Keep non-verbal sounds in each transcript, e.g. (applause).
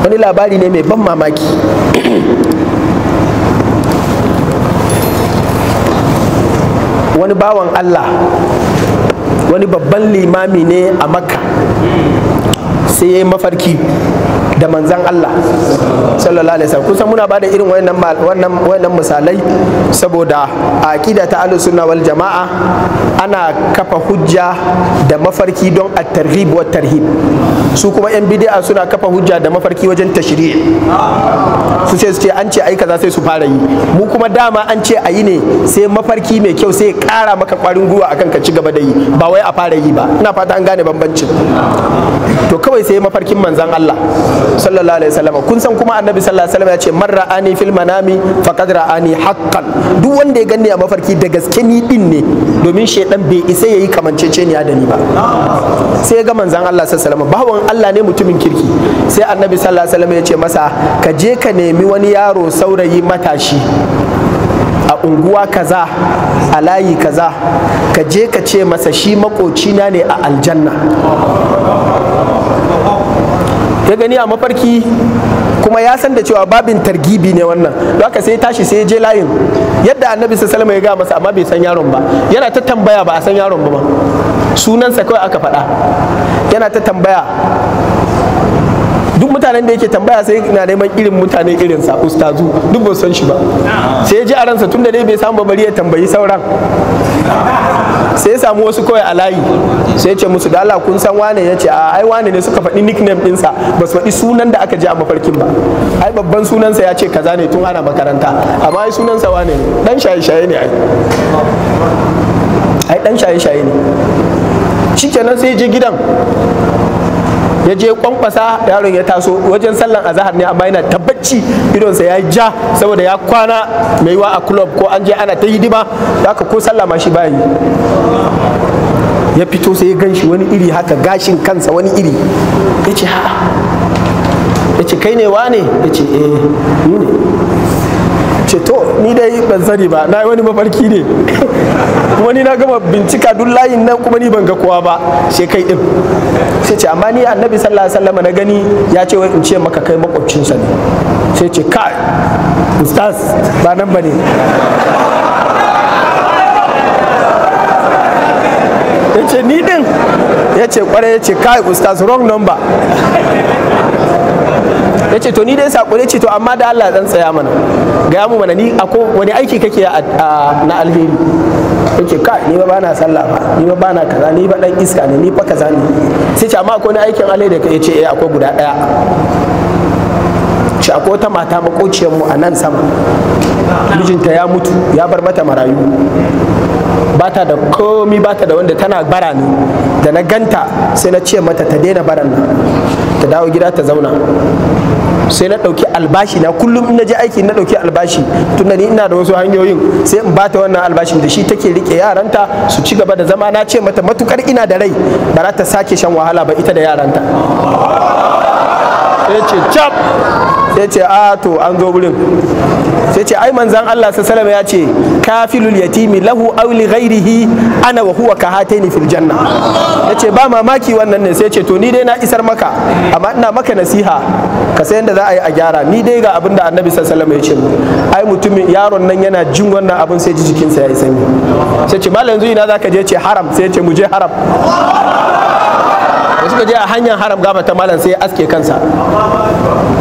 wani labari ne mai ban mamaki wani bawan allah wani babban limami ne a makka sai ya yi mafarki da manzan Allah sallallahu alaihi wasallam kusan muna bada irin wayannan wannan wayannan misalai saboda a aqida ta ahlus sunna wal jamaa ana kafa hujja da mafarki don at-targhib wa tarhib su kuma yan bid'a suna kafa hujja da mafarki wajen tashri'i su ce su ce an ce ai kaza sai su fara yi mu kuma dama an ce ayi ne sai mafarki mai kyau sai kara maka kwarin gwiwa akan ka ci gaba da yi ba wai a fara yi ba ina fata an gane bambancin kawai sai mafarkin manzan Allah sallallahu alaihi wasallam kun san kuma annabi sallallahu alaihi wasallam ya ce man ra'ani fil manami faqad ra'ani haqqan duk wanda ya ganni a mafarki da gaske ni din ne domin shedan bai isa yayi kamanceceniya da ni ba sai ya ga manzan Allah sallallahu alaihi wasallam bawan Allah ne mutumin kirki sai annabi sallallahu alaihi wasallam ya ce masa ka je ka nemi wani yaro saurayi matashi a unguwa kaza a layi kaza ka je ka ce masa shi makocina ne a aljanna ya gani a mafarki kuma ya san da cewa babin targibi ne wannan don haka sai tashi sai je layin yadda annabi salama ya ga masa amma bai san yaron ba yana ta tambaya ba a san yaron ba sunansa kawai aka faɗa yana ta tambaya duk mutanen da yake tambaya sai na neman irin mutane irin sa ustazu duk ba san shi ba sai ya ji a ransa tunda dai bai samu ba bari ya tambayi sauran sai ya samu wasu kawai a layi sai ce musu da kun san wane ya ce a ai wane ne suka faɗi nickname ɗinsa ba su faɗi sunan da aka ji a mafarkin ba ai babban sunansa ya ce kaza ne tun ana makaranta amma ai sunansa wane ne dan shaye-shaye ne ai ai dan shaye-shaye ne shikenan sai je gidan ya je kwankwasa yaron ya taso wajen sallan azahar ne amma yana tabbaci idonsa ya ja saboda ya kwana mai yiwa a club ko an je ana ta hidima aka ko sallah ma shi bayi ya fito sai ya gan shi wani iri haka gashin kansa wani iri ya ce ha ya ce kai ne wa ne ya ce eh ni ne ce to ni dai ban sani ba na yi wani mafarki ne (laughs) Wani na gama bincika duk layin nan kuma ni ban ga kowa ba sai kai din sai ce amma ni annabi sallallahu alaihi wasallam na gani ya ce wai in ce maka kai sa ne sai ce kai ustaz ba nan ba ne ya ce ni din ya ce kwarai ya ce kai ustaz wrong number ya ce to ni dai sako ne ce to amma da Allah dan tsaya mana gaya mu mana ni akwai wani aiki kake na alheri yake ka ni ba na sallah ba ni ba na kaza ni ba dan iska ne ni fa kaza ne sai ce amma akwai aikin alai da kai ce eh akwai guda daya ce akwai wata mata makociyar mu a nan sama mijinta ya mutu ya bar mata marayu ba ta da komi ba ta da wanda tana bara ne da na ganta sai na ce mata ta daina baran nan ta dawo gida ta zauna sai na ɗauki albashi na kullum na je aiki na ɗauki albashi tunda ni ina da wasu hanyoyin sai in bata wannan albashin da shi take rike yaranta su ci gaba da zama na ce mata matukar ina da rai ba ta sake shan wahala ba ita da yaranta sai ce cap sai ce a to an zo gurin sai ce ai manzan Allah sallallahu ya ce kafilul yatimi lahu aw li ghairihi ana wa huwa kahataini fil janna yace ba mamaki wannan ne sai ce to ni dai na isar maka amma ina maka nasiha ka san yadda za a yi a gyara ni dai ga abin annabi sallallahu alaihi ya ce ai mutumin yaron nan yana jin wannan abin sai ji jikinsa ya yi sanyi sai ce malam yanzu ina zaka je ce haram sai ce mu je haram suka je a hanyar haram gaba ta malam sai ya aske kansa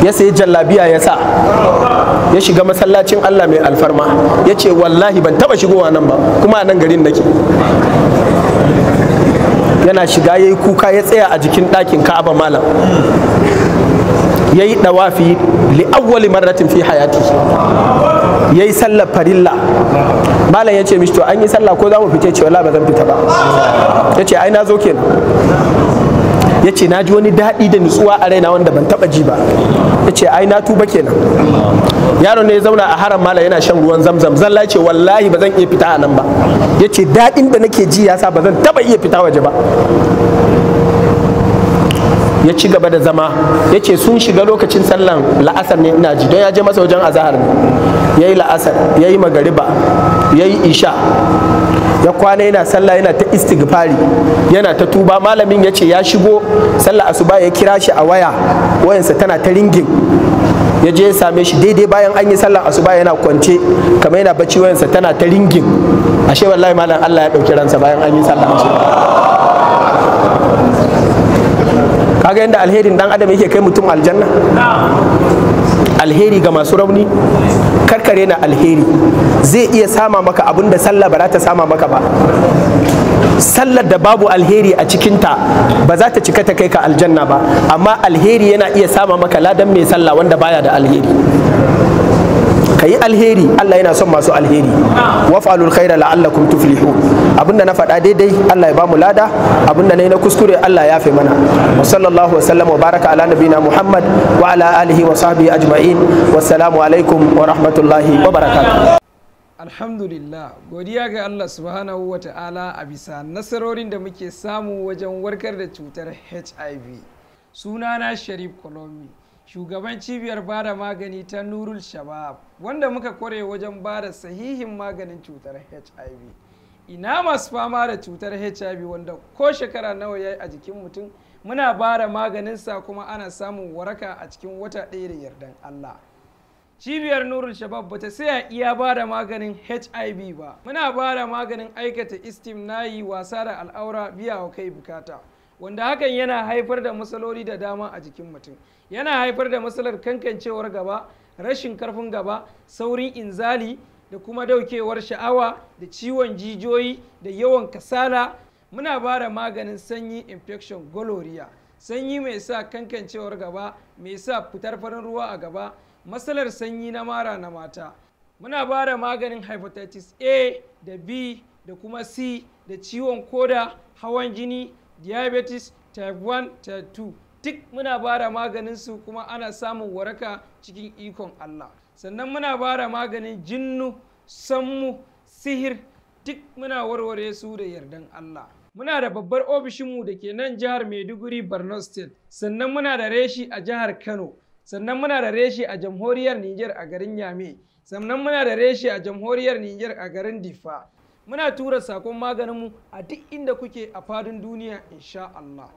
ya sayi jallabiya ya sa ya shiga masallacin Allah mai alfarma ya ce wallahi ban taba shigowa nan ba kuma a nan garin nake yana shiga ya yi kuka ya tsaya a jikin ɗakin ka'aba malam ya yi ɗawafi li'awwali marratin fi hayati ya yi sallar farilla malam ya ce mishi to an yi sallah ko za mu fice cewa wala ba zan fita ba ya ce ai na zo kenan ya ce na ji wani daɗi da nutsuwa a raina wanda ban taɓa ji ba ya ce ai na tuba kenan yaron ne ya zauna a haram mala yana shan ruwan zamzam zalla ce wallahi ba zan iya fita a nan ba ya ce daɗin da nake ji ya sa ba zan taɓa iya fita waje ba ya ci gaba da zama ya ce sun shiga lokacin sallan la'asar ne ina ji don ya je masa wajen azahar ne ya yi la'asar ya yi magariba ya yi isha ya kwana yana sallah yana ta istighfari yana ta tuba malamin ya ce ya shigo sallah asuba ya kira shi a waya wayansa tana ta ringin ya je ya same shi daidai bayan an yi sallar asuba yana kwance kamar yana bacci wayansa tana ta ringin ashe wallahi malam Allah ya dauki ransa bayan an yi sallar asuba kaga yadda alherin dan adam yake kai mutum aljanna alheri ga masu rauni karkare na alheri zai iya sama maka abin da sallah ba za ta sama maka ba sallar da babu alheri a cikinta ba za ta cika ta kai ka aljanna ba amma alheri yana iya sama maka ladan mai sallah wanda baya da alheri ka yi alheri Allah yana son masu alheri fa'alul khaira la'allakum tuflihu abinda na faɗa daidai Allah ya bamu lada abinda nayi na kuskure Allah ya fi mana wa sallallahu wa sallam wa baraka ala nabina Muhammad wa ala alihi wa sahbihi ajma'in salamu alaikum wa rahmatullahi wa barakatuh alhamdulillah godiya ga allah subhanahu wa ta'ala a bisa nasarorin da muke samu wajen warkar da cutar hiv sunana sharif kolomi shugaban cibiyar bada magani ta nurul shabab wanda muka kware wajen bada sahihin maganin cutar hiv ina masu fama da cutar hiv wanda ko shekara nawa ya yi a jikin mutum muna bada maganinsa kuma ana samun waraka a cikin wata ɗaya da yardan allah cibiyar nurul shabab bata saya iya ba da maganin hiv ba muna ba maganin aikata istim nayi wasa da al'aura biya wa kai bukata wanda hakan yana haifar da matsaloli da dama a jikin mutum yana haifar da matsalar kankancewar gaba rashin karfin gaba saurin inzali da kuma daukewar sha'awa da ciwon jijiyoyi da yawan kasala muna ba da maganin sanyi infection gonorrhea sanyi mai sa kankancewar gaba mai sa fitar farin ruwa a gaba matsalar sanyi na mara na mata muna ba da maganin hepatitis a da b da kuma c da ciwon koda hawan jini diabetes type 1 type 2 duk muna bara maganin su kuma ana samun waraka cikin ikon Allah sannan muna bara maganin jinnu sammu sihir duk muna warware su da yardan Allah muna da babbar ofishinmu da ke nan jihar Maiduguri Borno State sannan muna da reshi a jihar Kano sannan muna da reshi a jamhuriyar Niger a garin Yame sannan muna da reshi a jamhuriyar Niger a garin Difa muna tura sakon maganinmu a duk inda kuke a fadin duniya insha Allah